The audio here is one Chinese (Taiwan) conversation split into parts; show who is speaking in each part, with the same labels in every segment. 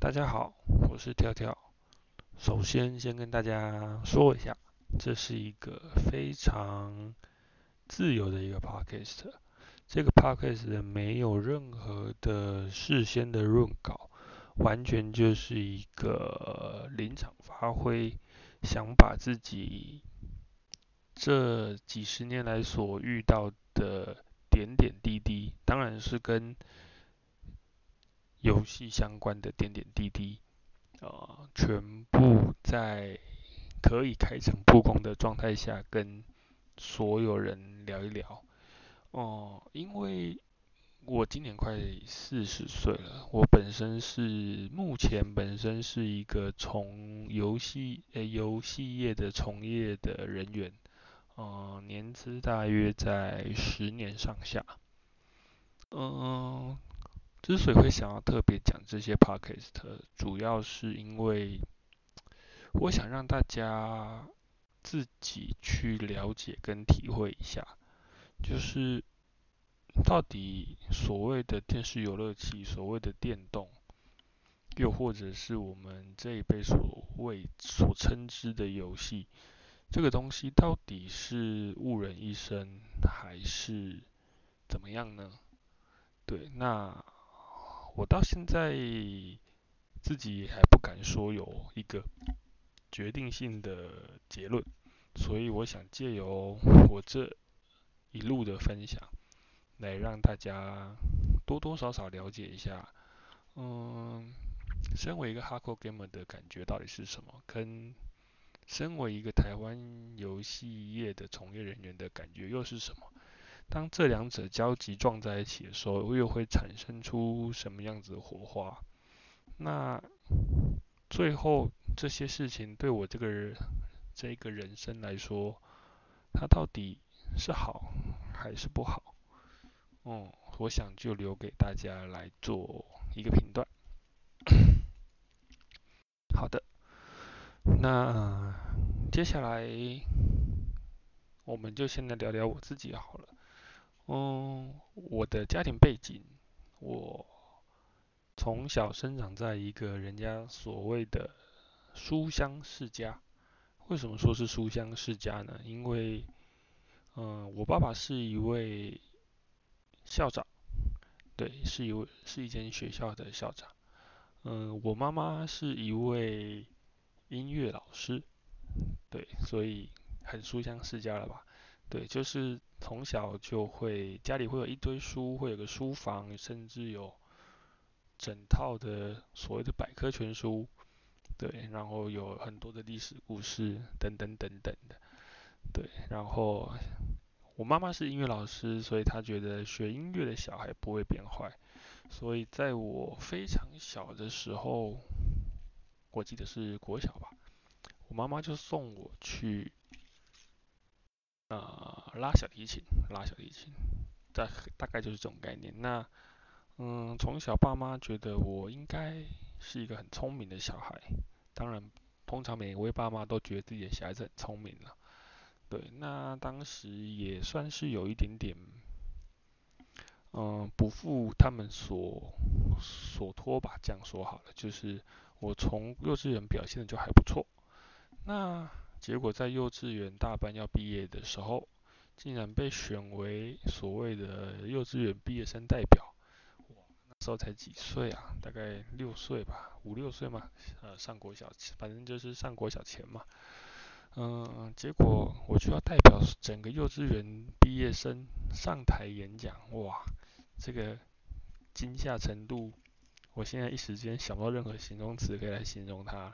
Speaker 1: 大家好，我是跳跳。首先，先跟大家說一下，這是一個非常自由的一個 podcast。這個 podcast 沒有任何的事先的潤稿，完全就是一個臨場發揮，想把自己這幾十年來所遇到的點點滴滴，當然是跟。遊戲相關的點點滴滴，呃，全部在可以開誠布公的狀態下跟所有人聊一聊。哦、呃，因為我今年快四十歲了，我本身是目前本身是一個從遊戲呃遊戲業的從業的人員，呃，年資大約在十年上下，嗯、呃。之所以會想要特別講這些 podcast，主要是因為我想讓大家自己去了解跟體會一下，就是到底所謂的電視遊樂器、所謂的電動，又或者是我們這一輩所謂所稱之的遊戲，這個東西到底是誤人一生還是怎麼樣呢？對，那。我到現在自己還不敢說有一個決定性的結論，所以我想借由我這一路的分享，來讓大家多多少少了解一下，嗯，身為一個 Hardcore Gamer 的感覺到底是什麼，跟身為一個台灣遊戲業的從業人員的感覺又是什麼？當這兩者交集撞在一起的時候，又會產生出什麼樣子的火花？那最後這些事情對我這個人，這個人生來說，它到底是好還是不好？哦、嗯，我想就留給大家來做一個評斷。 好的，那接下來我們就先來聊聊我自己好了。嗯，我的家庭背景，我從小生長在一個人家所謂的書香世家。為什麼說是書香世家呢？因為，嗯，我爸爸是一位校長，對，是一位是一間學校的校長。嗯，我媽媽是一位音樂老師，對，所以很書香世家了吧。對，就是從小就會，家裡會有一堆書，會有個書房，甚至有整套的所謂的百科全書，對，然後有很多的歷史故事等等等等的，對，然後我媽媽是音樂老師，所以她覺得學音樂的小孩不會變壞，所以在我非常小的時候，我記得是國小吧，我媽媽就送我去。啊、呃，拉小提琴，拉小提琴，大大概就是這種概念。那，嗯，從小爸媽覺得我應該是一個很聰明的小孩，當然，通常每一位爸媽都覺得自己的小孩子很聰明了、啊。對，那當時也算是有一點點，嗯，不負他們所所託吧，這樣說好了，就是我從幼稚園表現的就還不錯。那。結果在幼稚園大班要畢業的時候，竟然被選為所謂的幼稚園畢業生代表。我那時候才幾歲啊？大概六歲吧，五六歲嘛，呃，上國小，反正就是上國小前嘛。嗯，結果我就要代表整個幼稚園畢業生上台演講，哇，這個驚嚇程度，我現在一時間想不到任何形容詞可以來形容它。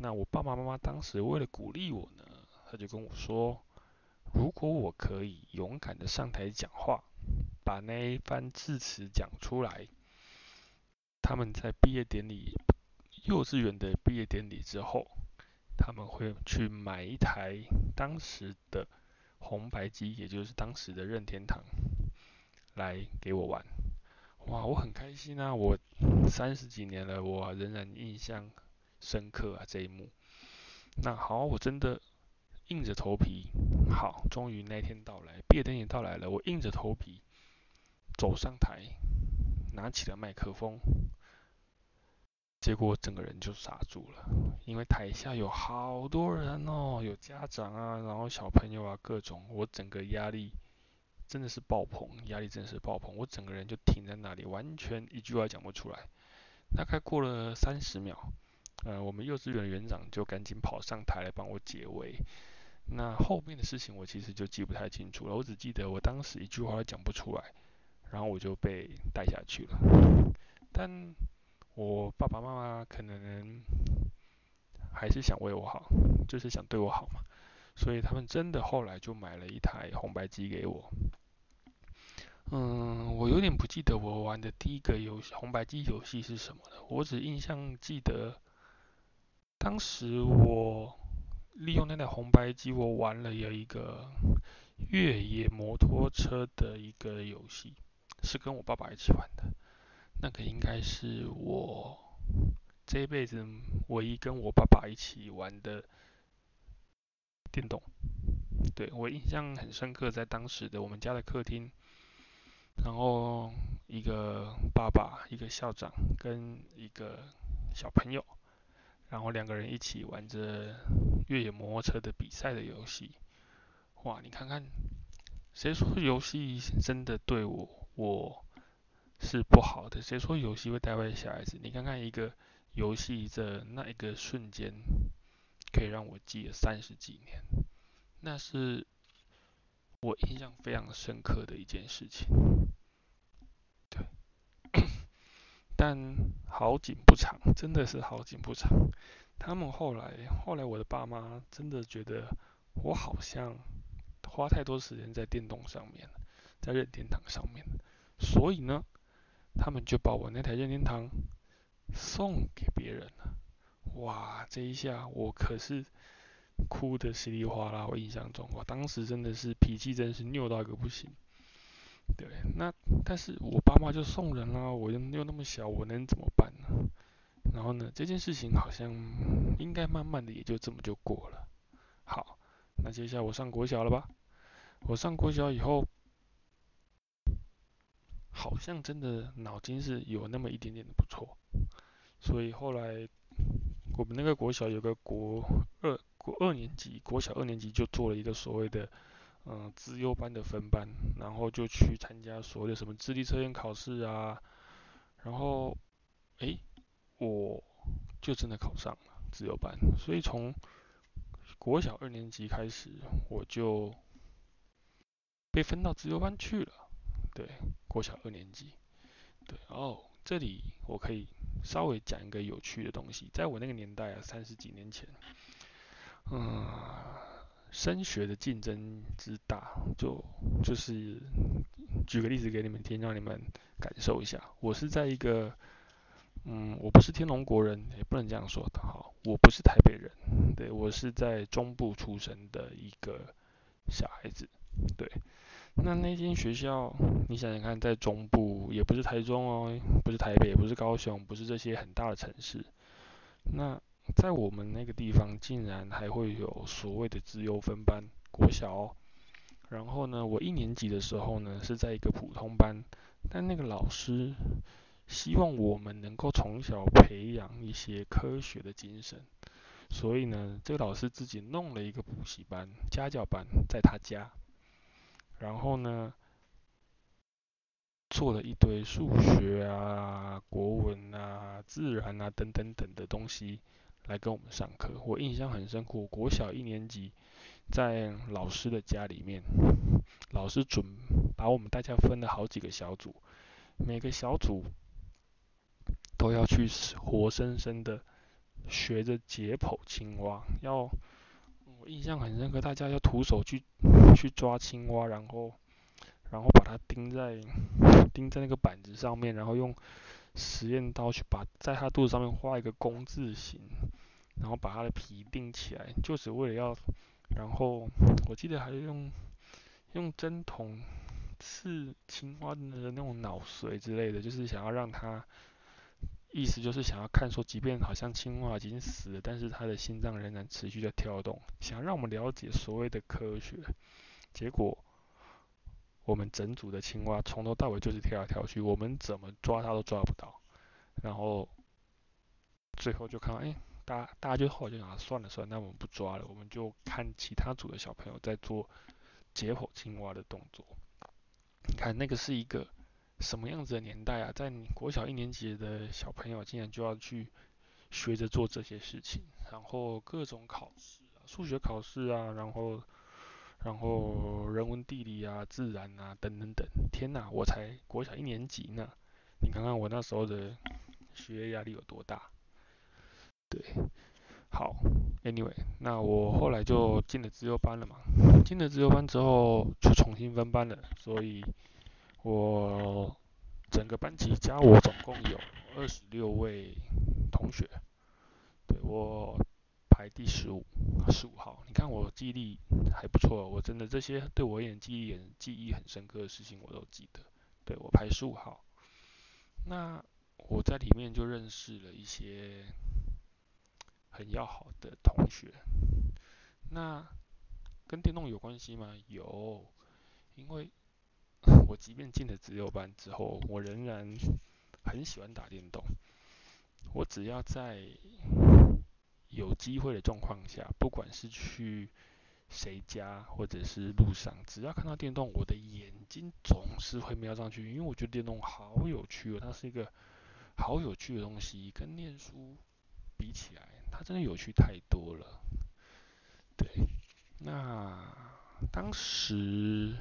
Speaker 1: 那我爸爸媽媽當時為了鼓勵我呢，他就跟我說，如果我可以勇敢的上台講話，把那一番致辭講出來，他們在畢業典禮，幼稚園的畢業典禮之後，他們會去買一台當時的紅白機，也就是當時的任天堂，來給我玩。哇，我很開心啊！我三十幾年了，我仍然印象深刻啊，這一幕。那好，我真的硬着頭皮。好，終於那天到來，畢業典禮到來了。我硬着頭皮走上台，拿起了麥克風，結果整個人就傻住了，因為台下有好多人哦，有家長啊，然後小朋友啊，各種，我整個壓力真的是爆棚，壓力真的是爆棚。我整個人就停在那裡，完全一句話講不出來。大概過了三十秒。呃，我們幼稚園園長就趕緊跑上台來幫我解圍。那後面的事情我其實就記不太清楚了，我只記得我當時一句話都講不出來，然後我就被帶下去了。但我爸爸媽媽可能還是想為我好，就是想對我好嘛，所以他們真的後來就買了一台紅白機給我。嗯，我有點不記得我玩的第一個遊戲，紅白機遊戲是什麼了，我只印象記得。當時我利用那台紅白機，我玩了有一個越野摩托車的一個遊戲，是跟我爸爸一起玩的。那個應該是我這一輩子唯一跟我爸爸一起玩的電動。對，我印象很深刻，在當時的我們家的客廳，然後一個爸爸、一個校長跟一個小朋友。然後兩個人一起玩着越野摩托車的比賽的遊戲，哇！你看看，誰說遊戲真的對我我是不好的？誰說遊戲會帶壞小孩子？你看看一個遊戲的那一個瞬間，可以讓我記了三十幾年，那是我印象非常深刻的一件事情。但好景不長，真的是好景不長。他們後來，後來我的爸媽真的覺得我好像花太多時間在電動上面，在任天堂上面，所以呢，他們就把我那台任天堂送給別人了。哇，這一下我可是哭得稀里嘩啦。我印象中，我當時真的是脾氣真是拗到一個不行。對，那但是我爸媽就送人啦，我又又那麼小，我能怎麼辦呢？然後呢，這件事情好像應該慢慢的也就這麼就過了。好，那接下來我上國小了吧？我上國小以後，好像真的腦筋是有那麼一點點的不錯，所以後來我們那個國小有個國二，國二年級，國小二年級就做了一個所謂的。嗯，資優班的分班，然後就去參加所謂的什麼智力測驗考試啊，然後，哎、欸，我就真的考上了資優班，所以從國小二年級開始，我就被分到資優班去了。對，國小二年級。對，哦，這裡我可以稍微講一個有趣的東西，在我那個年代啊，三十幾年前，嗯。升學的競爭之大，就就是舉個例子給你們聽，讓你們感受一下。我是在一個，嗯，我不是天龍國人，也不能這樣說的，哈。我不是台北人，對，我是在中部出生的一個小孩子，對。那那間學校，你想想看，在中部，也不是台中哦，不是台北，也不是高雄，不是這些很大的城市，那。在我們那個地方，竟然還會有所謂的自由分班國小哦。然後呢，我一年級的時候呢，是在一個普通班。但那個老師希望我們能夠從小培養一些科學的精神，所以呢，這個老師自己弄了一個補習班、家教班在他家，然後呢，做了一堆數學啊、國文啊、自然啊等等等的東西。來跟我們上課，我印象很深刻。我國小一年級，在老師的家裡面，老師準把我們大家分了好幾個小組，每個小組都要去活生生的學着解剖青蛙。要我印象很深刻，大家要徒手去去抓青蛙，然後然後把它釘在釘在那個板子上面，然後用。實驗刀去把在他肚子上面畫一個工字形，然後把他的皮釘起來，就只為了要，然後我記得還是用用針筒刺青蛙的那種腦髓之類的，就是想要讓他，意思就是想要看說，即便好像青蛙已經死了，但是他的心臟仍然持續在跳動，想讓我們了解所謂的科學。結果。我們整組的青蛙從頭到尾就是跳來跳去，我們怎麼抓它都抓不到。然後最後就看到，哎、欸，大家大家就後來就想、啊、算了算了，那我們不抓了，我們就看其他組的小朋友在做解剖青蛙的動作。你看那個是一個什麼樣子的年代啊？在國小一年級的小朋友竟然就要去學着做這些事情，然後各種考試啊、數學考試啊，然後。然後人文地理啊、自然啊等等等，天哪，我才國小一年級呢！你看看我那時候的學業壓力有多大？對，好，Anyway，那我後來就進了資優班了嘛。進了資優班之後就重新分班了，所以我整個班級加我總共有二十六位同學。對我。排第十五、啊，十五號。你看我記憶力還不錯、哦，我真的這些對我也記憶也記憶很深刻的事情我都記得。對我排十五號，那我在裡面就認識了一些很要好的同學。那跟電動有關係嗎？有，因為我即便進了資優班之後，我仍然很喜歡打電動。我只要在有機會的狀況下，不管是去誰家，或者是路上，只要看到電動，我的眼睛總是會瞄上去，因為我覺得電動好有趣哦，它是一個好有趣的東西，跟念書比起來，它真的有趣太多了。對，那當時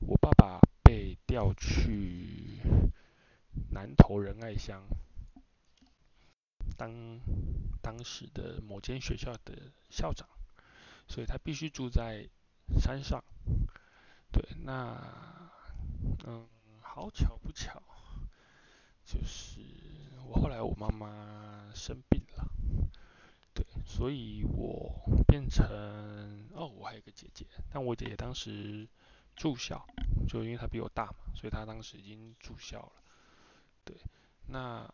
Speaker 1: 我爸爸被調去南投仁愛鄉當。當時的某間學校的校長，所以他必須住在山上。對，那嗯，好巧不巧，就是我後來我媽媽生病了，對，所以我變成哦，我還有一個姐姐，但我姐姐當時住校，就因為她比我大嘛，所以她當時已經住校了。對，那。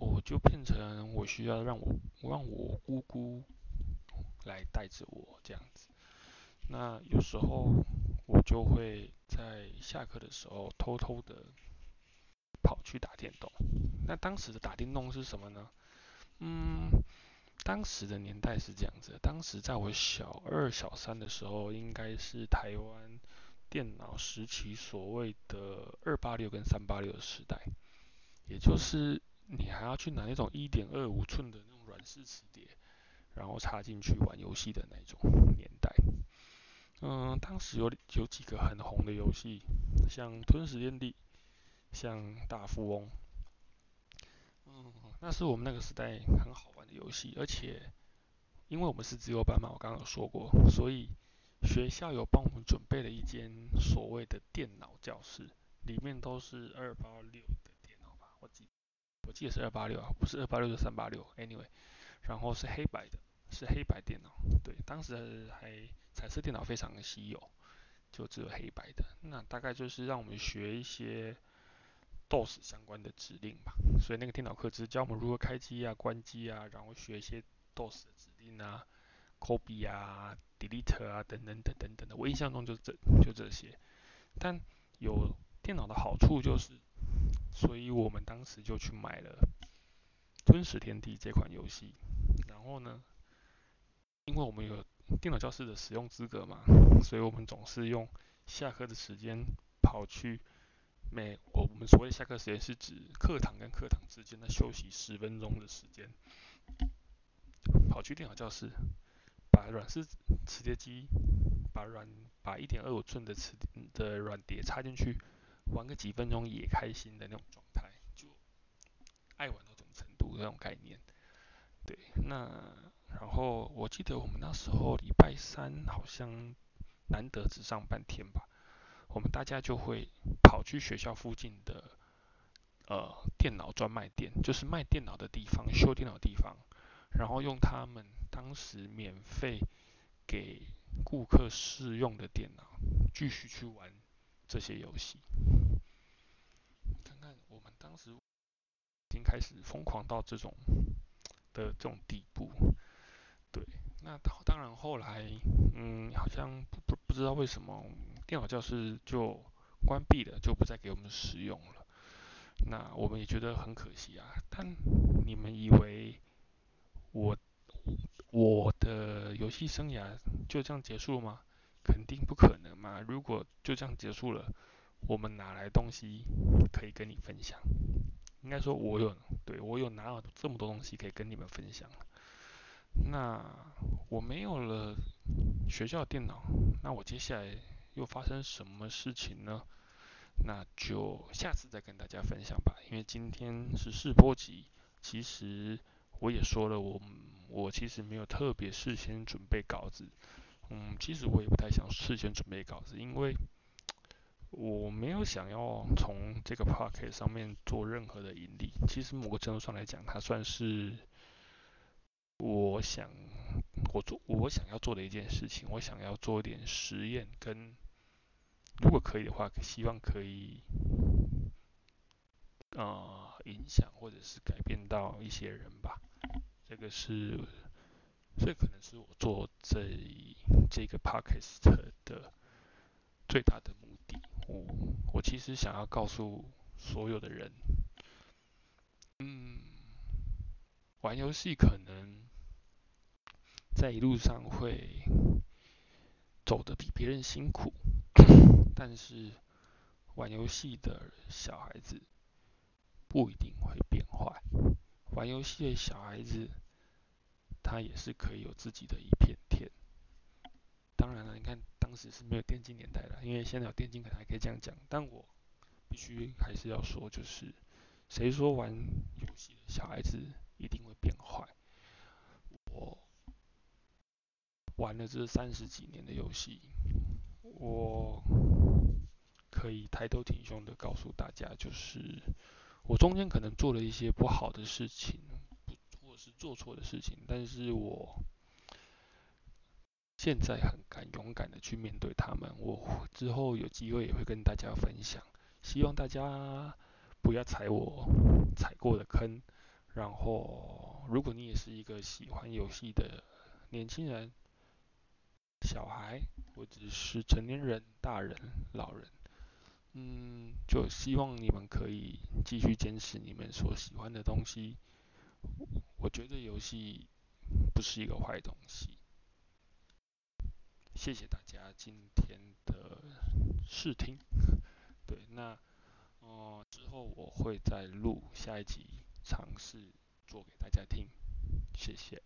Speaker 1: 我就變成我需要讓我讓我姑姑來帶着我這樣子。那有時候我就會在下課的時候偷偷的跑去打電動。那當時的打電動是什麼呢？嗯，當時的年代是這樣子的。當時在我小二、小三的時候，應該是台灣電腦時期所謂的二八六跟三八六的時代，也就是。你還要去拿那種一點二五寸的那種軟式磁碟，然後插進去玩遊戲的那種年代。嗯，當時有有幾個很紅的遊戲，像《吞食天地》、像《大富翁》。嗯，那是我們那個時代很好玩的遊戲。而且，因為我們是自由班嘛，我剛剛有說過，所以學校有幫我們準備了一間所謂的電腦教室，裡面都是二八六的電腦吧，我記得。我記得是二八六啊，不是二八六就是三八六。Anyway，然後是黑白的，是黑白電腦。對，當時還彩色電腦非常的稀有，就只有黑白的。那大概就是讓我們學一些 DOS 相關的指令吧。所以那個電腦課只教我們如何開機啊、關機啊，然後學一些 DOS 的指令啊，copy 啊、delete 啊等等等等等的。我印象中就這就這些。但有電腦的好處就是。所以我們當時就去買了《吞食天地》這款遊戲。然後呢，因為我們有電腦教室的使用資格嘛，所以我們總是用下課的時間跑去每我們所謂下課時間是指課堂跟課堂之間的休息十分鐘的時間，跑去電腦教室，把軟式磁碟機把軟把一點二五寸的磁的軟碟插進去。玩個幾分鐘也開心的那種狀態，就愛玩到什麼程度那種概念，對。那然後我記得我們那時候禮拜三好像難得只上半天吧，我們大家就會跑去學校附近的呃電腦專賣店，就是賣電腦的地方、修電腦的地方，然後用他們當時免費給顧客試用的電腦繼續去玩這些遊戲。我們當時已經開始瘋狂到這種的這種地步，對。那當然後來，嗯，好像不不不知道為什麼電腦教室就關閉了，就不再給我們使用了。那我們也覺得很可惜啊。但你們以為我我的遊戲生涯就這樣結束了嗎？肯定不可能嘛！如果就這樣結束了。我們哪來東西可以跟你分享？應該說，我有，對我有哪有這麼多東西可以跟你們分享？那我沒有了學校的電腦，那我接下來又發生什麼事情呢？那就下次再跟大家分享吧。因為今天是試播集，其實我也說了我，我我其實沒有特別事先準備稿子。嗯，其實我也不太想事先準備稿子，因為。我沒有想要從這個 podcast 上面做任何的盈利。其實某個程度上來講，它算是我想我做我想要做的一件事情。我想要做一點實驗，跟如果可以的話，希望可以啊、呃、影響或者是改變到一些人吧。這個是這可能是我做這這個 podcast 的最大的。我我其實想要告訴所有的人，嗯，玩遊戲可能在一路上會走得比別人辛苦，但是玩遊戲的小孩子不一定會變壞，玩遊戲的小孩子他也是可以有自己的一片天。當然了，你看。當時是沒有電競年代的，因為現在有電競，可能還可以這樣講。但我必須還是要說，就是誰說玩遊戲的小孩子一定會變壞？我玩了這三十幾年的遊戲，我可以抬頭挺胸的告訴大家，就是我中間可能做了一些不好的事情，或者是做錯的事情，但是我。現在很敢勇敢的去面對他們，我之後有機會也會跟大家分享，希望大家不要踩我踩過的坑。然後，如果你也是一個喜歡遊戲的年輕人、小孩，或者是成年人、大人、老人，嗯，就希望你們可以繼續堅持你們所喜歡的東西。我覺得遊戲不是一個壞東西。謝謝大家今天的試聽，對，那哦，呃，之後我會再錄下一集，嘗試做給大家聽，謝謝。